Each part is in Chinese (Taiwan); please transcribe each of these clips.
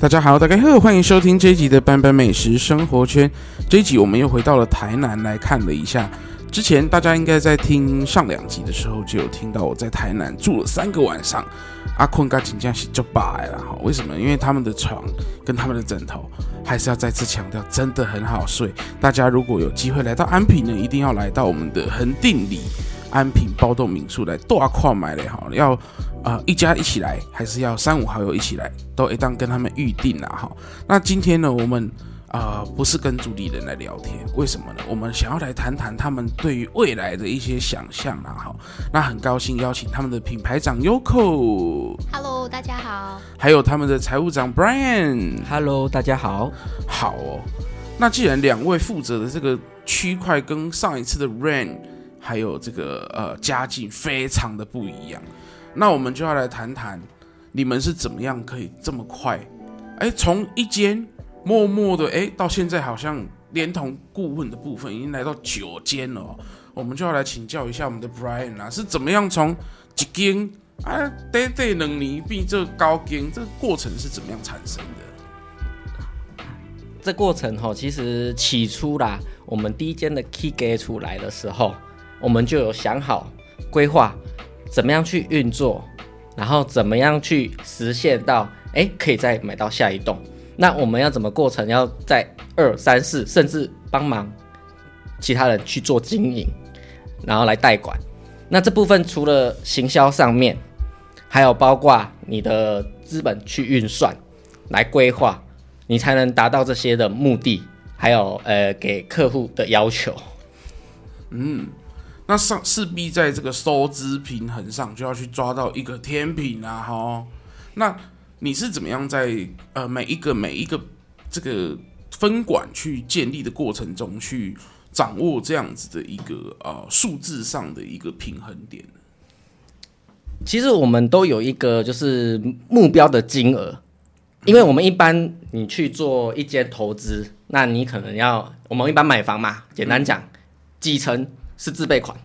大家好，大家好，歡迎收聽這一集的《班班美食生活圈》。這一集我們又回到了台南來看了一下。之前大家應該在聽上兩集的時候就有聽到我在台南住了三個晚上。阿坤跟錦江是就 bye 啦，為什麼？因為他們的床跟他們的枕頭，還是要再次強調，真的很好睡。大家如果有機會來到安平呢，一定要來到我們的衡定理安平包棟民宿來大跨買嘞，好，要。啊，一家一起來，還是要三五好友一起來，都一定跟他們預定了哈。那今天呢，我們啊、呃、不是跟主理人來聊天，為什麼呢？我們想要來談談他們對於未來的一些想象啊，哈。那很高興邀請他們的品牌長 Yoko，Hello，大家好。還有他們的財務長 Brian，Hello，大家好。好，哦。那既然兩位負責的這個區塊跟上一次的 Rain 還有這個呃家境非常的不一樣。那我們就要來談談，你們是怎麼樣可以這麼快，哎，從一間默默的哎，到現在好像連同顧問的部分已經來到九間了。我們就要來請教一下我們的 Brian 啦，是怎麼樣從一間啊 day day 能彌補這個高間，這個過程是怎麼樣產生的？這過程哈、哦，其實起初啦，我們第一間的 key get 出來的時候，我們就有想好規劃。怎麼樣去運作，然後怎麼樣去實現到，誒？可以再買到下一棟？那我們要怎麼過程？要在二、三、四，甚至幫忙其他人去做經營，然後來代管。那這部分除了行銷上面，還有包括你的資本去運算、來規劃，你才能達到這些的目的，還有呃給客戶的要求。嗯。那上，勢必在這個收支平衡上就要去抓到一個天平啊，吼！那你是怎麼樣在呃每一個每一個這個分管去建立的過程中去掌握這樣子的一個呃數字上的一個平衡點？其實我們都有一個就是目標的金額，因為我們一般你去做一些投資，那你可能要我們一般買房嘛，簡單講幾成。是自備款，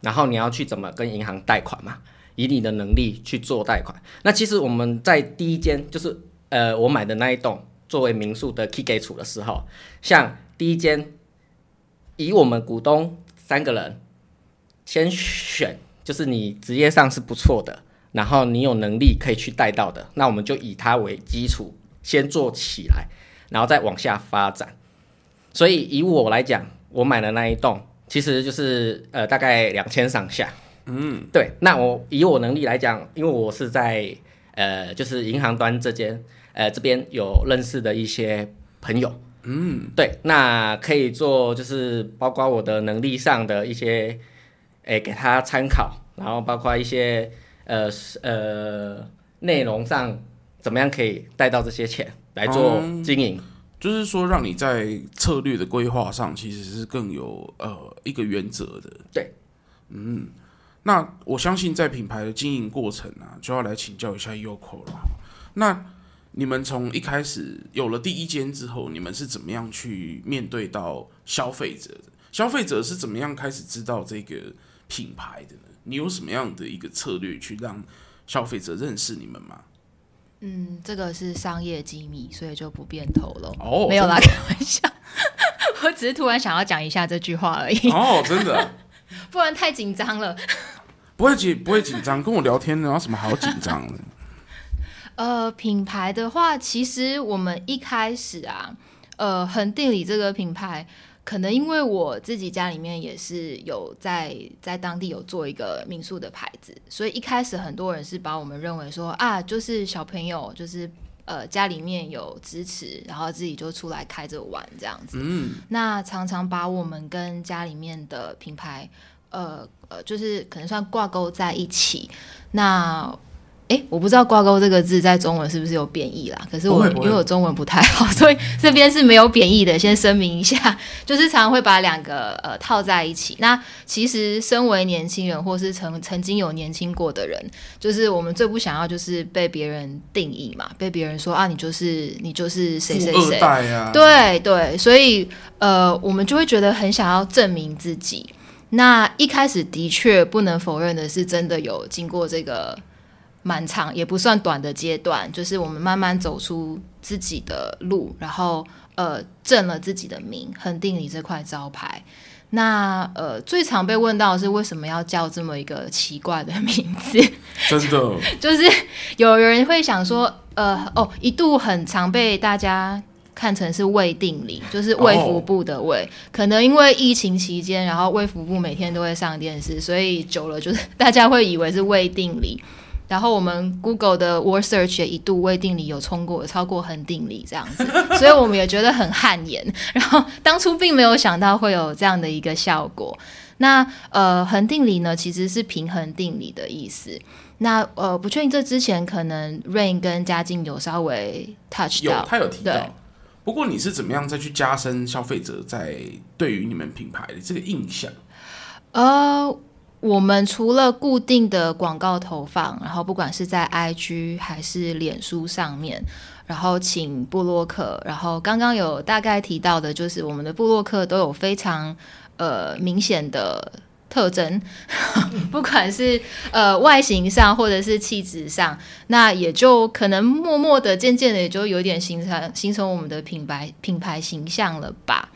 然後你要去怎麼跟銀行貸款嘛？以你的能力去做貸款。那其實我們在第一間就是呃，我買的那一棟作為民宿的起家厝的時候，像第一間，以我們股東三個人先選，就是你職業上是不錯的，然後你有能力可以去貸到的，那我們就以它為基礎先做起來，然後再往下發展。所以以我來講，我買的那一棟。其實就是呃大概兩千上下，嗯，對。那我以我能力來講，因為我是在呃就是銀行端這間呃這邊有認識的一些朋友，嗯，對。那可以做就是包括我的能力上的一些，哎、欸、給他參考，然後包括一些呃呃內容上怎麼樣可以貸到這些錢來做經營。嗯就是說，讓你在策略的規劃上，其實是更有呃一個原則的。對，嗯，那我相信在品牌的經營過程啊，就要來請教一下 Yoko 了。那你們從一開始有了第一間之後，你們是怎麼樣去面對到消費者的？消費者是怎麼樣開始知道這個品牌的呢？你有什麼樣的一個策略去讓消費者認識你們嗎？嗯，這個是商業機密，所以就不變頭了。哦、oh,，沒有啦，開玩笑， 我只是突然想要講一下這句話而已。哦、oh,，真的、啊， 不然太緊張了 不。不會緊，不會緊張，跟我聊天然後什麼好緊張呢？ 呃，品牌的話，其實我們一開始啊，呃，衡定理這個品牌。可能因為我自己家裡面也是有在在當地有做一個民宿的牌子，所以一開始很多人是把我們認為說啊，就是小朋友就是呃家裡面有支持，然後自己就出來開着玩這樣子，嗯。那常常把我們跟家裡面的品牌呃呃，就是可能算掛鈎在一起。那誒、欸，我不知道“掛鈎”這個字在中文是不是有貶義啦？可是我不會不會因為我中文不太好，所以這邊是沒有貶義的，先聲明一下。就是常常會把兩個呃套在一起。那其實身為年輕人，或是曾曾經有年輕過的人，就是我們最不想要就是被別人定義嘛，被別人說啊，你就是你就是誰誰誰。富二代呀？對對，所以呃，我們就會覺得很想要證明自己。那一開始的確不能否認的是，真的有經過這個。蠻長也不算短的階段，就是我們慢慢走出自己的路，然後呃，掙了自己的名，衡定理這塊招牌。那呃，最常被問到的是為什麼要叫這麼一個奇怪的名字？真的， 就是有人會想說，呃，哦，一度很常被大家看成是衛定理，就是衛福部的衛。Oh. 可能因為疫情期間，然後衛福部每天都會上電視，所以久了就是大家會以為是衛定理。然後我們 Google 的 Word Search 也一度未定理有衝過，有超過恆定理這樣子， 所以我們也覺得很汗顏。然後當初並沒有想到會有這樣的一個效果。那呃，恆定理呢，其實是平衡定理的意思。那呃，不確定這之前可能 Rain 跟家境有稍微 touch 到，有他有提到。不過，你是怎麼樣再去加深消費者在對於你們品牌的這個印象？呃。我們除了固定的廣告投放，然後不管是在 IG 還是臉書上面，然後請部落客，然後剛剛有大概提到的，就是我們的部落客都有非常呃明顯的特徵，嗯、 不管是呃外形上或者是氣質上，那也就可能默默的、漸漸的，也就有點形成形成我們的品牌品牌形象了吧。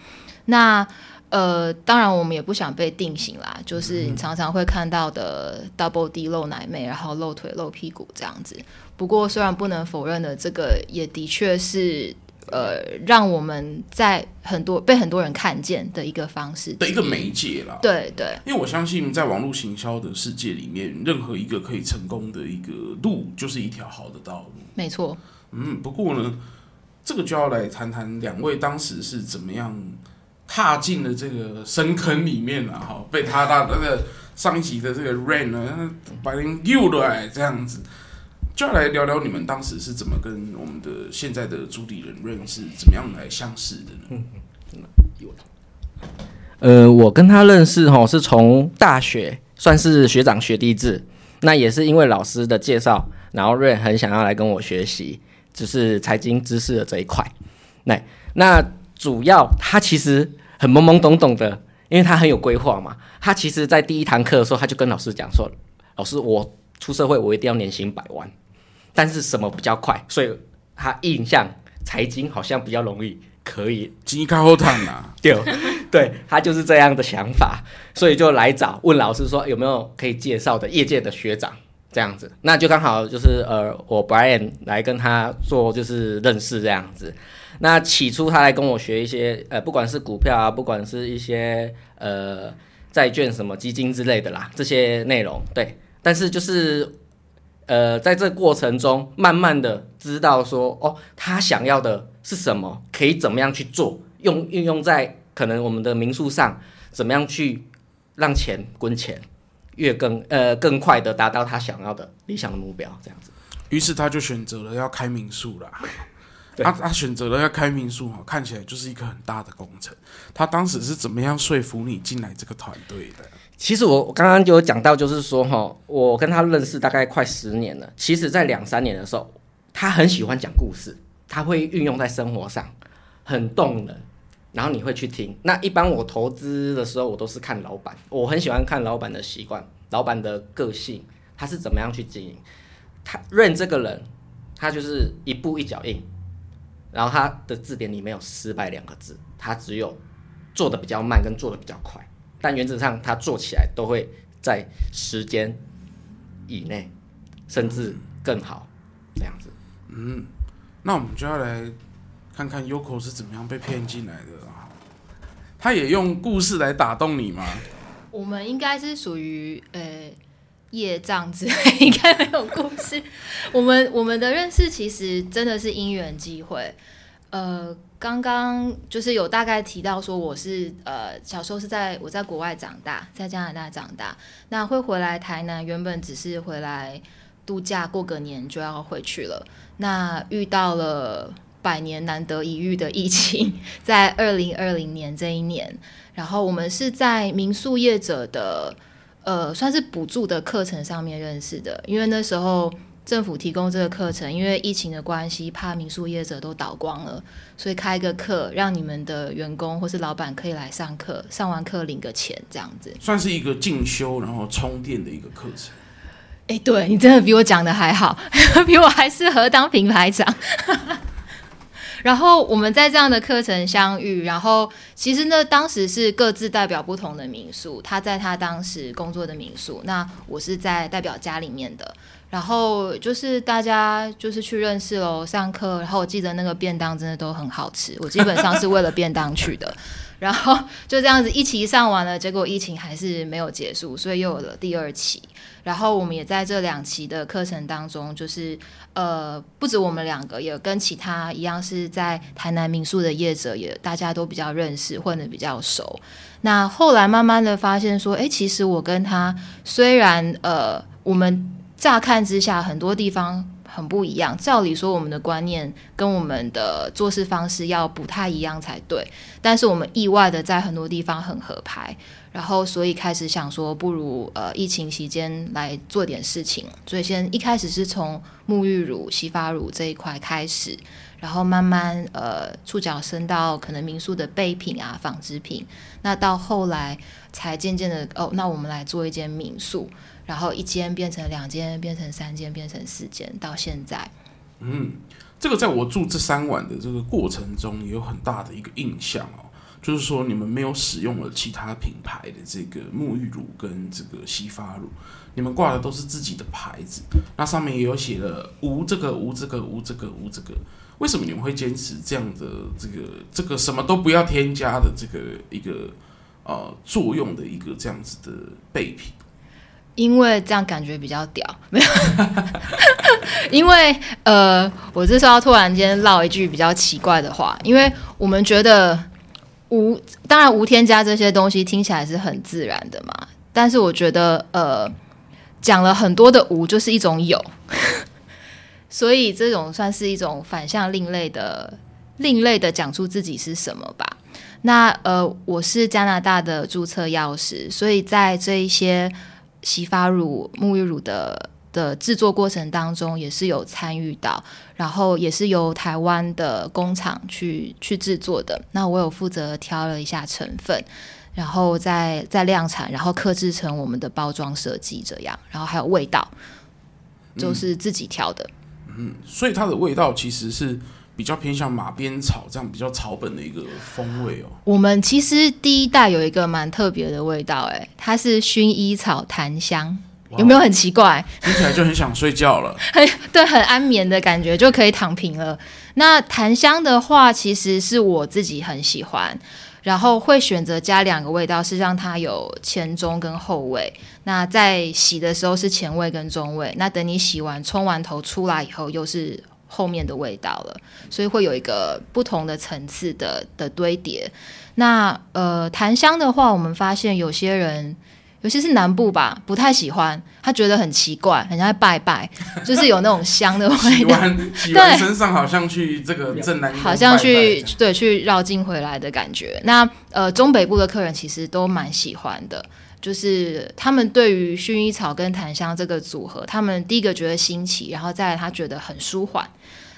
那。呃，當然，我們也不想被定型啦。就是你常常會看到的 double D 露奶妹，然後露腿、露屁股這樣子。不過，雖然不能否認的，這個也的確是，呃，讓我們在很多被很多人看見的一個方式，的一個媒介啦。對對，因為我相信，在網絡行銷的世界裡面，任何一個可以成功的一個路，就是一條好的道路。沒錯。嗯，不過呢，這個就要來談談兩位當時是怎麼樣，踏進了這個深坑裡面了、啊、哈，被他他那個上一集的這個 Rain 呢、啊、把人溜過來這樣子，就來聊聊你們當時是怎麼跟我們的現在的主理人 Rain 是怎麼樣來相識的呢？嗯嗯、有呃，我跟他認識哈、哦，是從大學算是學長學弟制，那也是因為老師的介紹，然後 Rain 很想要來跟我學習，只、就是財經知識的這一塊，那那主要他其實。很懵懵懂懂的，因為他很有規劃嘛。他其實在第一堂課的時候，他就跟老師講說：“老師，我出社會我一定要年薪百萬，但是什麼比較快？”所以他印象財經好像比較容易可以。金高後堂對，對他就是這樣的想法，所以就來找問老師說有沒有可以介紹的業界的學長這樣子。那就剛好就是呃，我 Brian 來跟他做就是認識這樣子。那起初他來跟我學一些，呃，不管是股票啊，不管是一些呃債券、什麼基金之類的啦，這些內容，對。但是就是，呃，在這過程中，慢慢的知道說，哦，他想要的是什麼，可以怎麼樣去做，用運用在可能我們的民宿上，怎麼樣去讓錢滾錢，越更呃更快的達到他想要的理想的目標，這樣子。於是他就選擇了要開民宿啦。他他、啊、選擇了要開民宿，看起來就是一個很大的工程。他當時是怎麼樣說服你進來這個團隊的？其實我我剛剛就有講到，就是說哈，我跟他認識大概快十年了。其實，在兩三年的時候，他很喜歡講故事，他會運用在生活上，很動人。然後你會去聽。那一般我投資的時候，我都是看老板，我很喜歡看老板的習慣、老板的個性，他是怎麼樣去經營。他認這個人，他就是一步一腳印。然後他的字典裡面沒有失敗兩個字，他只有做得比較慢跟做得比較快，但原則上他做起來都會在時間以內，甚至更好，嗯、這樣子。嗯，那我們就要來看看 Yoko 是怎麼樣被騙進來的啊。他也用故事來打動你嗎？ 我們應該是屬於呃。欸業障之類，應該沒有故事 我們我們的認識其實真的是因緣機會。呃，剛剛就是有大概提到說，我是呃小時候是在我在國外長大，在加拿大長大，那會回來台南，原本只是回來度假過個年就要回去了。那遇到了百年難得一遇的疫情，在二零二零年這一年，然後我們是在民宿業者的。呃，算是補助的課程上面認識的，因為那時候政府提供這個課程，因為疫情的關係，怕民宿業者都倒光了，所以開一個課讓你們的員工或是老闆可以來上課，上完課領個錢這樣子，算是一個進修然後充電的一個課程。哎、欸，對，你真的比我講得還好，比我還適合當品牌長。 然後我們在這樣的課程相遇，然後其實呢，當時是各自代表不同的民宿，他在他當時工作的民宿，那我是在代表家裡面的。然後就是大家就是去認識咯，上課。然後我記得那個便當真的都很好吃，我基本上是為了便當去的。 然後就這樣子一期上完了，結果疫情還是沒有結束，所以又有了第二期。然後我們也在這兩期的課程當中，就是呃，不止我們兩個，也跟其他一樣是在台南民宿的業者也，也大家都比較認識，混得比較熟。那後來慢慢的發現說，哎，其實我跟他雖然呃，我們。乍看之下，很多地方很不一樣。照理說，我們的觀念跟我們的做事方式要不太一樣才對。但是我們意外的在很多地方很合拍，然後所以開始想說，不如呃疫情期間來做點事情。所以先一開始是從沐浴乳、洗髮乳這一塊開始。然後慢慢呃觸角伸到可能民宿的備品啊、紡織品，那到後來才漸漸的哦，那我們來做一間民宿，然後一間變成兩間，變成三間，變成四間，到現在。嗯，這個在我住這三晚的這個過程中也有很大的一個印象哦，就是說你們沒有使用了其他品牌的這個沐浴乳跟這個洗髮乳，你們掛的都是自己的牌子，那上面也有寫了無這個無這個無這個無這個。為什麼你們會堅持這樣的這個這個什麼都不要添加的這個一個呃作用的一個這樣子的備品？因為這樣感覺比較屌，沒有？ 因為呃，我這說突然間嘮一句比較奇怪的話，因為我們覺得無，當然無添加這些東西聽起來是很自然的嘛，但是我覺得呃，講了很多的無就是一種有。所以這種算是一種反向另類的、另類的講出自己是什麼吧。那呃，我是加拿大的註冊藥師，所以在這一些洗髮乳、沐浴乳的的、的製作過程當中，也是有參與到，然後也是由台灣的工廠去去製作的。那我有負責挑了一下成分，然後再再量產，然後刻製成我們的包裝設計，這樣，然後還有味道，就是自己挑的。嗯嗯，所以它的味道其實是比較偏向馬鞭草這樣比較草本的一個風味哦。我們其實第一代有一個蠻特別的味道，欸，它是薰衣草檀香，哦，有沒有很奇怪？聽起來就很想睡覺了， 很對，很安眠的感覺，就可以躺平了。那檀香的話，其實是我自己很喜歡。然後會選擇加兩個味道，是讓它有前中跟後味。那在洗的時候是前味跟中味，那等你洗完沖完頭出來以後，又是後面的味道了。所以會有一個不同的層次的的堆疊。那呃，檀香的話，我們發現有些人。尤其是南部吧，不太喜歡，他覺得很奇怪，很像在拜拜， 就是有那種香的味道。洗 完，洗完身上好像去這個正南，好像去拜拜對，去繞境回來的感覺。那呃，中北部的客人其實都蠻喜歡的，就是他們對於薰衣草跟檀香這個組合，他們第一個覺得新奇，然後再來他覺得很舒緩。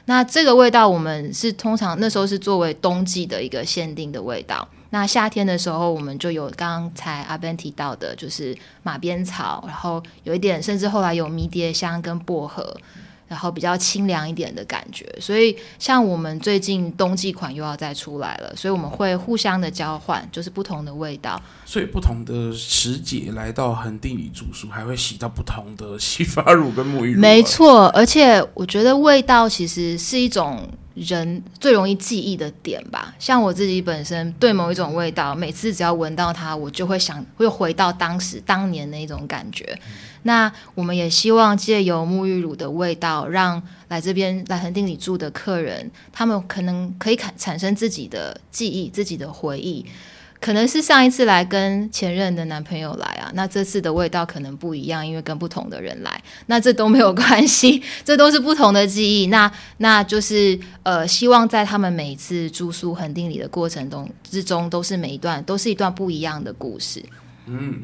那這個味道，我們是通常那時候是作為冬季的一個限定的味道。那夏天的時候，我們就有剛才阿 Ben 提到的，就是馬鞭草，然後有一點，甚至後來有迷迭香跟薄荷，然後比較清涼一點的感覺。所以，像我們最近冬季款又要再出來了，所以我們會互相的交換，就是不同的味道。所以，不同的時節來到衡定理住宿，還會洗到不同的洗髮乳跟沐浴露啊。沒錯，而且我覺得味道其實是一種。人最容易記憶的點吧，像我自己本身對某一種味道，每次只要聞到它，我就會想，會回到當時當年的那一種感覺。嗯。那我們也希望借由沐浴乳的味道，讓來這邊來衡定理住的客人，他們可能可以產生自己的記憶，自己的回憶。可能是上一次來跟前任的男朋友來啊，那這次的味道可能不一樣，因為跟不同的人來，那這都沒有關係，這都是不同的記憶。那那就是呃，希望在他們每次住宿衡定理的過程中之中，都是每一段都是一段不一樣的故事。嗯，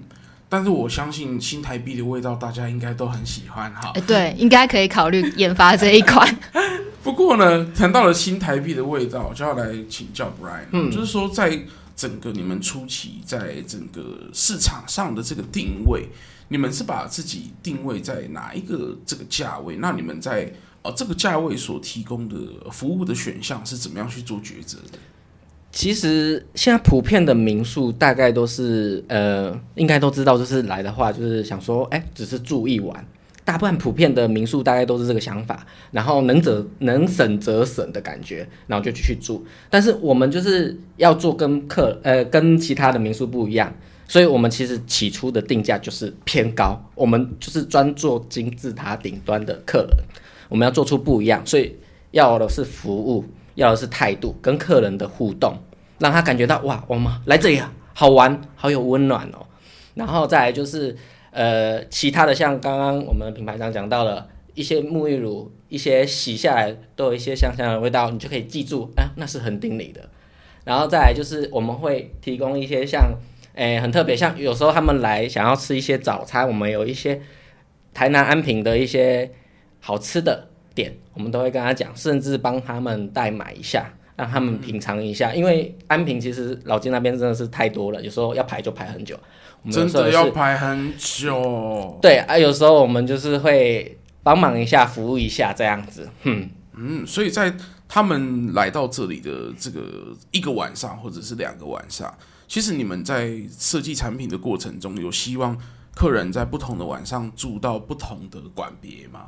但是我相信新台幣的味道大家應該都很喜歡哈。對，應該可以考慮研發這一款。 不過呢，談到了新台幣的味道，我就要來請教 Brian、嗯、就是說在。整個你們初期在整個市場上的這個定位，你們是把自己定位在哪一個這個價位？那你們在，哦，這個價位所提供的服務的選項是怎麼樣去做抉擇的？其實現在普遍的民宿大概都是呃，應該都知道，就是來的話就是想說，哎，只是住一晚。大部分普遍的民宿大概都是這個想法，然後能者能省則省的感覺，然後就繼續住。但是我們就是要做跟客呃跟其他的民宿不一樣，所以我們其實起初的定價就是偏高，我們就是專做金字塔頂端的客人。我們要做出不一樣，所以要的是服務，要的是態度，跟客人的互動，讓他感覺到哇，我們來這裡啊，好玩，好有溫暖哦。然後再來就是。呃，其他的像剛剛我們品牌長講到了一些沐浴乳，一些洗下來都有一些香香的味道，你就可以記住，哎、啊，那是衡定理的。然後再來就是我們會提供一些像，哎、欸，很特別，像有時候他們來想要吃一些早餐，我們有一些台南安平的一些好吃的點，我們都會跟他講，甚至幫他們代買一下，讓他們品嚐一下，因為安平其實老街那邊真的是太多了，有時候要排就排很久。就是、真的要排很久。對啊，有時候我們就是會幫忙一下、服務一下這樣子。嗯嗯，所以在他們來到這裡的這個一個晚上，或者是兩個晚上，其實你們在設計產品的過程中，有希望客人在不同的晚上住到不同的館別嗎？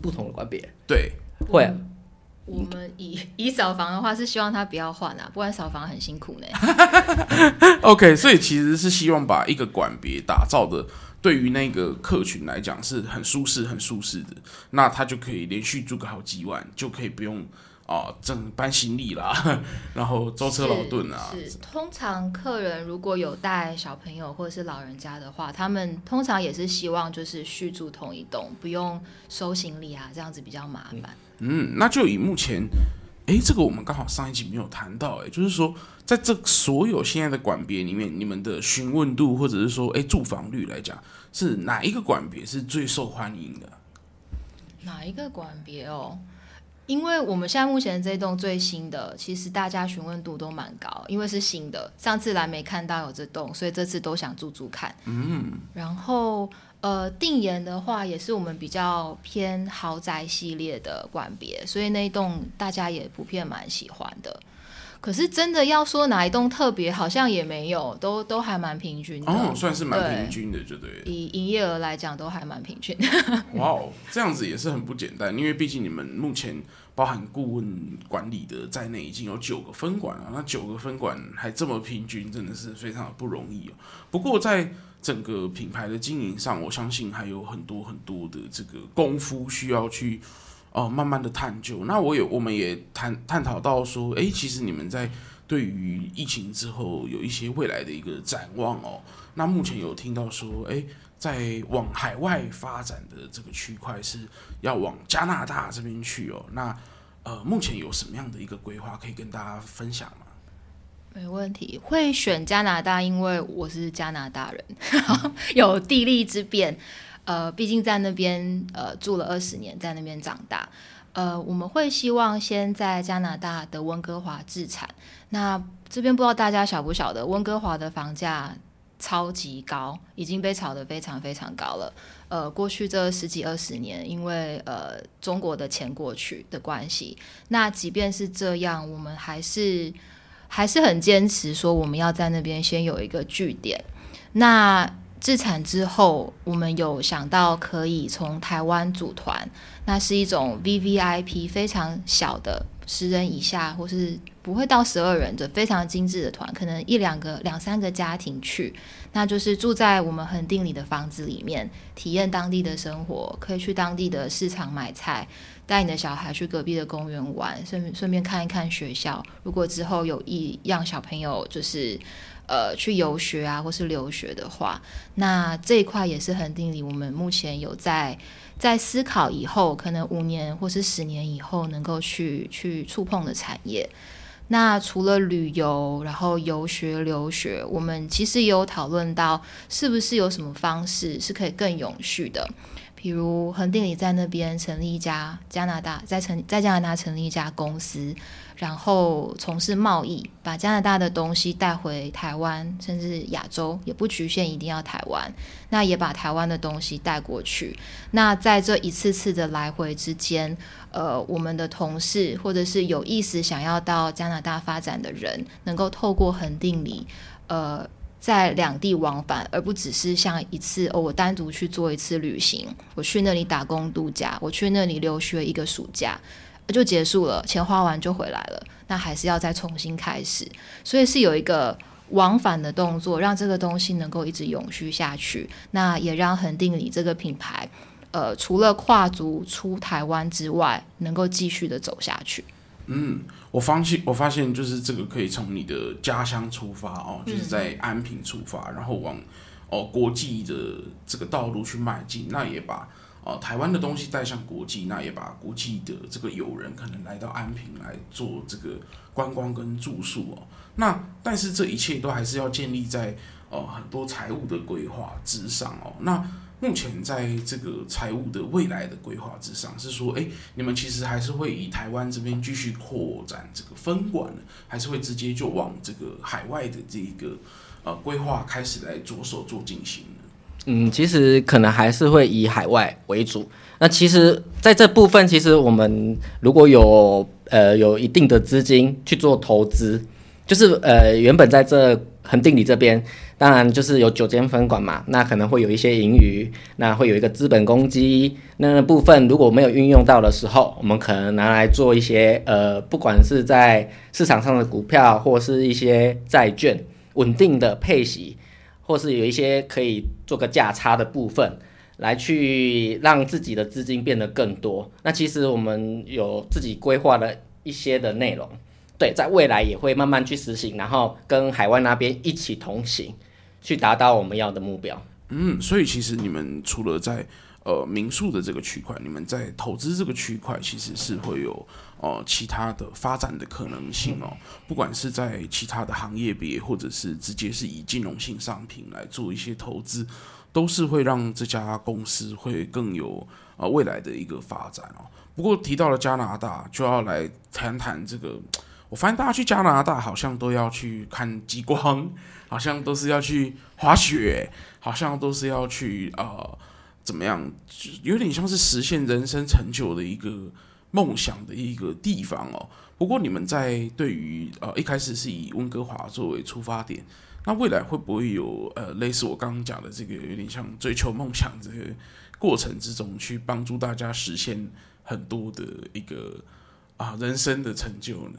不同的館別？對，嗯、會。我們以以掃房的話，是希望他不要換啊，不然掃房很辛苦呢。 OK，所以其實是希望把一個館別打造的，對於那個客群來講是很舒適、很舒適的，那他就可以連續住個好幾晚，就可以不用啊、呃，整搬行李啦，然後舟車勞頓啊是。是，通常客人如果有帶小朋友或者是老人家的話，他們通常也是希望就是續住同一棟，不用收行李啊，這樣子比較麻煩。嗯嗯，那就以目前，誒，這個我們剛好上一集沒有談到，誒，就是說，在這所有現在的館別裡面，你們的詢問度或者是說，哎，住房率來講，是哪一個館別是最受歡迎的？哪一個館別哦？因為我們現在目前這棟最新的，其實大家詢問度都蠻高，因為是新的，上次來沒看到有這棟，所以這次都想住住看。嗯，然後。呃，定言的話也是我們比較偏豪宅系列的館別，所以那一棟大家也普遍蠻喜歡的。可是真的要說哪一棟特別，好像也沒有，都都還蠻平均。哦，算是蠻平,平均的，就對。以營業額來講，都還蠻平均。哇哦，這樣子也是很不簡單，因為畢竟你們目前包含顧問管理的在內，已經有九個分管了、啊，那九個分管還這麼平均，真的是非常的不容易哦、啊。不過在整個品牌的經營上，我相信還有很多很多的這個功夫需要去哦、呃，慢慢的探究。那我也我們也探探討到說，哎，其實你們在對於疫情之後有一些未來的一個展望哦。那目前有聽到說，哎，在往海外發展的這個區塊是要往加拿大這邊去哦。那呃，目前有什麼樣的一個規劃可以跟大家分享嗎？沒問題，會選加拿大，因為我是加拿大人，呵呵有地利之便。呃，畢竟在那邊呃住了二十年，在那邊長大。呃，我們會希望先在加拿大的溫哥華置產。那這邊不知道大家曉不曉得，溫哥華的房價超級高，已經被炒得非常非常高了。呃，過去這十幾二十年，因為呃中國的錢過去的關係，那即便是這樣，我們還是。還是很堅持說，我們要在那邊先有一個據點。那自產之後，我們有想到可以從台灣組團，那是一種 VVIP 非常小的十人以下，或是。不會到十二人的非常精致的團，可能一兩個、兩三個家庭去，那就是住在我們衡定理的房子裡面，體驗當地的生活，可以去當地的市場買菜，帶你的小孩去隔壁的公園玩，順順便看一看學校。如果之後有意讓小朋友就是呃去遊學啊，或是留學的話，那這一塊也是衡定理我們目前有在在思考，以後可能五年或是十年以後能夠去去觸碰的產業。那除了旅遊，然後遊學、留學，我們其實也有討論到，是不是有什麼方式是可以更永續的？比如衡定理在那邊成立一家加拿大，在成在加拿大成立一家公司，然後從事貿易，把加拿大的東西帶回台灣，甚至亞洲也不侷限一定要台灣，那也把台灣的東西帶過去。那在這一次次的來回之間，呃，我們的同事或者是有意思想要到加拿大發展的人，能夠透過衡定理，呃。在兩地往返，而不只是像一次哦，我單獨去做一次旅行，我去那裡打工度假，我去那裡留學一個暑假就結束了，錢花完就回來了，那還是要再重新開始，所以是有一個往返的動作，讓這個東西能夠一直永續下去，那也讓衡定理這個品牌，呃，除了跨足出台灣之外，能夠繼續的走下去。嗯，我發現我發現就是這個可以從你的家鄉出發哦，就是在安平出發，然後往哦國際的這個道路去邁進，那也把哦台灣的東西帶上國際，那也把國際的這個友人可能來到安平來做這個觀光跟住宿哦，那但是這一切都還是要建立在哦很多財務的規劃之上哦，那。目前在這個財務的未來的規劃之上，是說，哎、欸，你們其實還是會以台灣這邊繼續擴展這個分館，還是會直接就往這個海外的這個呃規劃開始來着手做進行呢？嗯，其實可能還是會以海外為主。那其實在這部分，其實我們如果有呃有一定的資金去做投資，就是呃原本在這衡定理這邊。當然，就是有九間分館嘛，那可能會有一些盈餘，那會有一個資本公積，那部分如果沒有運用到的時候，我們可能拿來做一些呃，不管是在市場上的股票或是一些債券穩定的配息，或是有一些可以做個價差的部分，來去讓自己的資金變得更多。那其實我們有自己規劃的一些的內容，對，在未來也會慢慢去實行，然後跟海外那邊一起同行，去達到我們要的目標。嗯，所以其實你們除了在呃民宿的這個區塊，你們在投資這個區塊，其實是會有呃其他的發展的可能性哦。不管是在其他的行業別，或者是直接是以金融性商品來做一些投資，都是會讓這家公司會更有呃未來的一個發展哦。不過提到了加拿大，就要來談談這個。我發現大家去加拿大好像都要去看極光，好像都是要去滑雪，好像都是要去呃，怎麼樣，有點像是實現人生成就的一個夢想的一個地方哦。不過你們在對於呃一開始是以溫哥華作為出發點，那未來會不會有呃類似我剛剛講的這個有點像追求夢想這個過程之中，去幫助大家實現很多的一個啊、呃、人生的成就呢？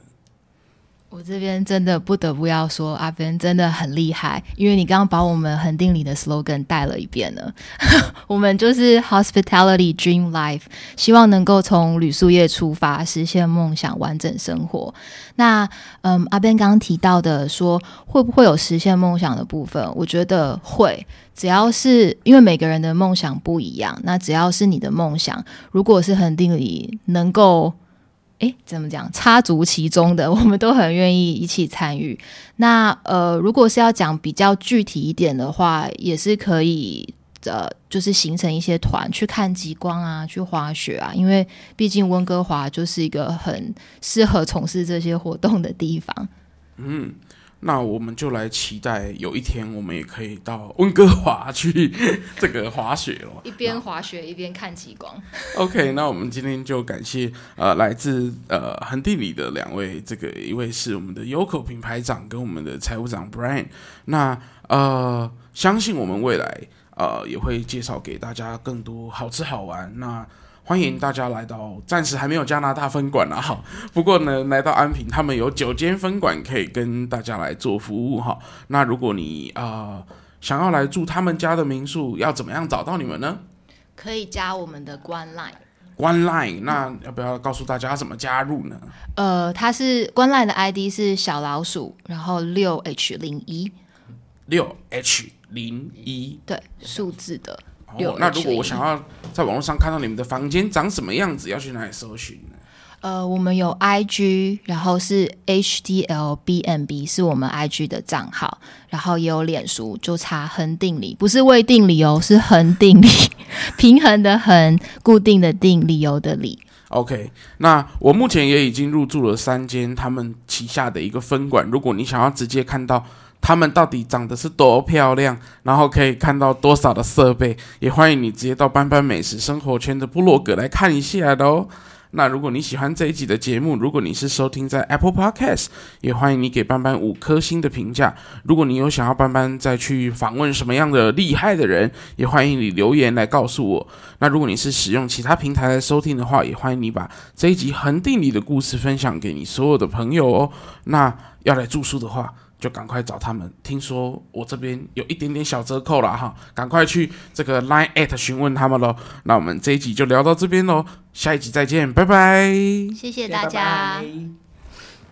我這邊真的不得不要說，阿 Ben 真的很厲害，因為你剛剛把我們衡定理的 slogan 帶了一遍了。 我們就是 Hospitality Dream Life，希望能夠從旅宿業出發實現夢想，完整生活。那嗯，阿 Ben 剛剛提到的說，會不會有實現夢想的部分？我覺得會，只要是因為每個人的夢想不一樣，那只要是你的夢想，如果是衡定理能夠。哎，怎麼講？插足其中的，我們都很願意一起參與。那呃，如果是要講比較具體一點的話，也是可以呃，就是形成一些團去看極光啊，去滑雪啊。因為畢竟溫哥華就是一個很適合從事這些活動的地方。嗯。那我們就來期待有一天我們也可以到溫哥華去 這個滑雪嘍，一邊滑雪一邊看極光。 OK，那我們今天就感謝呃來自呃衡定理的兩位這個一位是我們的 Yoko 品牌長跟我們的財務長 Brian。那呃相信我們未來呃也會介紹給大家更多好吃好玩那。歡迎大家來到、嗯，暫時還沒有加拿大分館啊。不過呢，來到安平，他們有九間分館可以跟大家來做服務哈。那如果你啊、呃、想要來住他們家的民宿，要怎麼樣找到你們呢？可以加我們的官賴。官賴、嗯，那要不要告訴大家怎麼加入呢？呃，他是官賴的 ID 是小老鼠，然後六 H 零一，六 H 零一對數字的。 哦，那如果我想要在網絡上看到你們的房間長什麼樣子，要去哪裡搜尋呢？呃，我們有 IG，然後是 HDLBNB，是我們 IG 的賬號，然後也有臉書，就查恆定理，不是未定理哦，是恆定理， 平衡的恆，固定的定，理由的理。OK，那我目前也已經入住了三間他們旗下的一個分館，如果你想要直接看到。他們到底長得是多漂亮？然後可以看到多少的設備？也歡迎你直接到班班美食生活圈的部落格來看一下的哦。那如果你喜歡這一集的節目，如果你是收聽在 Apple Podcast，也歡迎你給班班五顆星的評價。如果你有想要班班再去訪問什麼樣的厲害的人，也歡迎你留言來告訴我。那如果你是使用其他平台來收聽的話，也歡迎你把這一集衡定理的故事分享給你所有的朋友哦。那要來住宿的話。就趕快找他們，聽說我這邊有一點點小折扣了哈，趕快去這個 LINE@ 詢問他們嘍。那我們這一集就聊到這邊嘍，下一集再見，拜拜！謝謝大家。謝謝大家